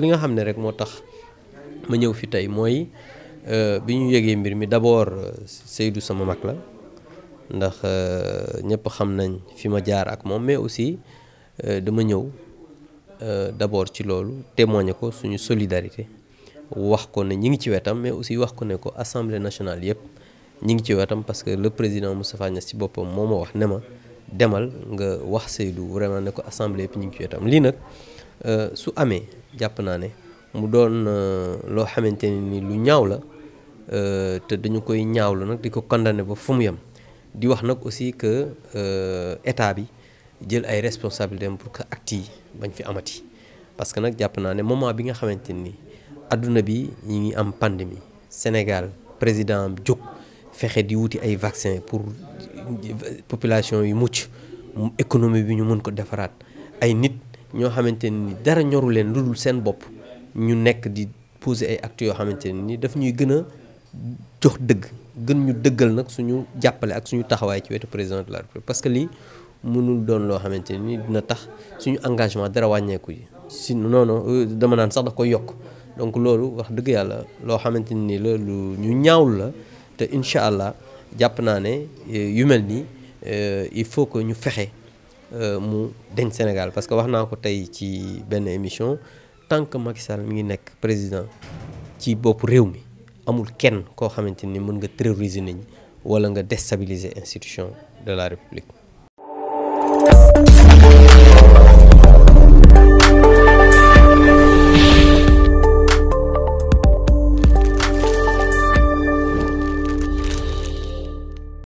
li nga xam ne rek moo tax ma ñëw fi tey mooy euh, bi ñu yëgee mbir mi d'abord euh, Seydou sama mag la ndax euh, ñëpp xam nañ fi ma jaar ak moom mais aussi dama ñëw d'abord ci loolu témoigner ko suñu solidarité wax ko ne ñi ngi ci wetam mais aussi wax ko ne ko assemblée nationale yëpp ñi ngi ci wetam parce que le président Moustapha Niass ci boppam moo ma wax ne ma demal nga wax Seydou vraiment ne ko assemblée yëpp ñi ngi ci wetam lii nag. Eh, su amé japp na ne mu doon eh, lo xamanteni ni lu ñaaw la eh, te dañu koy ñaaw nag di ko condamné ba fu mu di wax nak aussi que état bi jël ay responsabilité pour que actes yi bañ fi amati parce que nak japp na ne moment bi nga xamanteni aduna bi ñi ngi am pandémie Sénégal président Djok, fexé di wuti ay vaccin pour population yu mucc économie bi ñu mën ko défarat ay nit ñoo xamante nii dara ñoru leen lu dul seen bopp ñu nekk di poser ay actes yoo xamante ne ni daf ñuy gën a jox dëgg gën ñu dëggal nag suñu jàppale ak suñu taxawaay ci wetu président de la République parce que lii mënul doon loo xamante nii dina tax suñu engagement dara wàññeeku yi si non non euh, dama naan sax da ko yokk donc loolu wax dëgg yàlla loo xamante ni la lu ñu ñaawul la te incha allah jàpp naa ne euh, yu mel nii euh, il faut que ñu fexe. Euh, mu deñ Sénégal parce que je l'ai dit dans ci benn émission tant que Macky Sall est président ci la République il amul a personne qui peut mën nga terroriser ou wala déstabiliser l'institution de la République